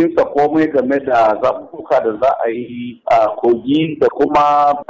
kimsa komai game da zaɓuɓɓuka da za a yi a kogi da kuma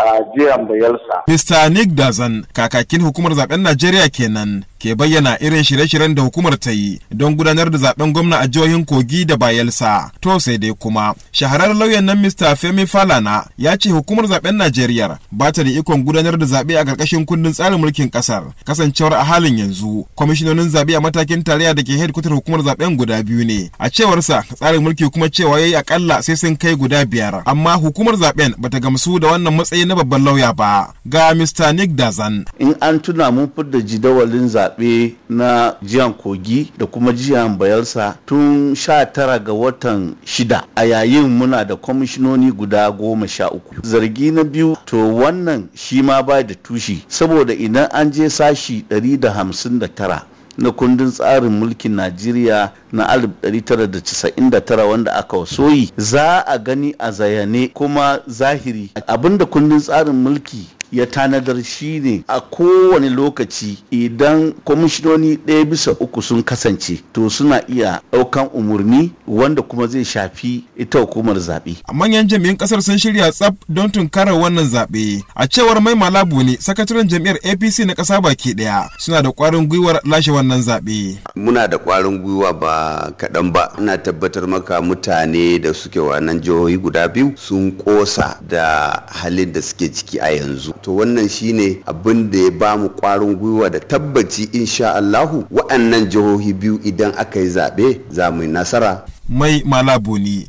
a jiyan bayelsa. Mr. Nick Dazan, kakakin hukumar zaben Najeriya kenan ke bayyana irin shirye-shiryen da hukumar ta yi don gudanar da zaben gwamna a jihohin kogi da bayelsa to sai dai kuma shahararren lauyan nan mr femi falana ya ce hukumar zaben najeriya ba ta da ikon gudanar da zabe a karkashin kundin tsarin mulkin ƙasar kasancewar a halin yanzu kwamishinonin zaɓe a matakin tarayya da ke hedkwatar hukumar zaben guda biyu ne a cewarsa tsarin mulki kuma cewa ya yi akalla sai sun kai guda biyar amma hukumar zaben bata gamsu da wannan matsayi na babban lauya ba ga mr nick dazan in an tuna mun fidda jidawalin zaɓe zaɓe na jiyan kogi da kuma jiyan bayelsa tun sha tara ga watan shida a yayin muna da kwamishinoni guda goma sha uku zargi na biyu to wannan shi ma ba da tushi saboda idan an je sashi 159 na kundin tsarin mulkin najeriya na 1999 wanda aka soyi za a gani a zayane kuma zahiri abinda kundin tsarin mulki ya tanadar shi ne a kowane lokaci idan kwamishinoni ɗaya bisa uku sun kasance to suna iya ɗaukan umarni wanda kuma zai shafi ita hukumar zaɓe. manyan jami'in ƙasar sun shirya tsab don tunkarar wannan zaɓe a cewar mai malabu ne sakataren jami'ar apc na ƙasa baki ɗaya suna da ƙwarin gwiwar lashe wannan zaɓe. muna da ƙwarin gwiwa ba ba kaɗan ba ina tabbatar maka mutane da suke wannan jihohi guda biyu sun kosa da halin da suke ciki a yanzu to wannan shine abin da ya ba mu ƙwarin gwiwa da tabbaci insha Allahu wa'annan jihohi biyu idan aka yi zaɓe za mu yi nasara mai malaboni.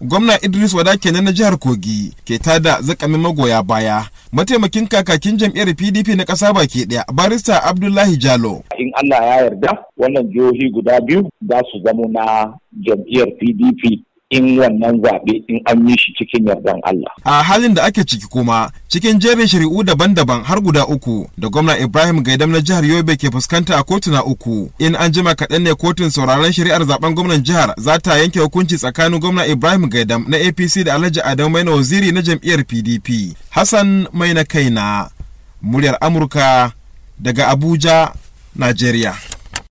Gwamna Idris Wada kenan na jihar Kogi ke tada zakamin magoya baya mataimakin kakakin jam'iyyar pdp na ƙasa baki ɗaya barista abdullahi jalo in allah ya yarda wannan jihohi guda biyu za su zamo na jam'iyyar pdp in wannan zaɓe in an yi shi cikin yardan Allah. A halin da ake ciki kuma cikin jerin shari'u daban-daban har guda uku da gwamna Ibrahim Gaidam na jihar Yobe ke fuskanta a kotuna uku in an jima kaɗan ne kotun sauraron shari'ar zaben gwamnan jihar za ta yanke hukunci tsakanin gwamna Ibrahim Gaidam na APC da Alhaji Adamu Maina Waziri na jam'iyyar PDP. Hassan Maina Kaina, muryar Amurka daga Abuja, Najeriya.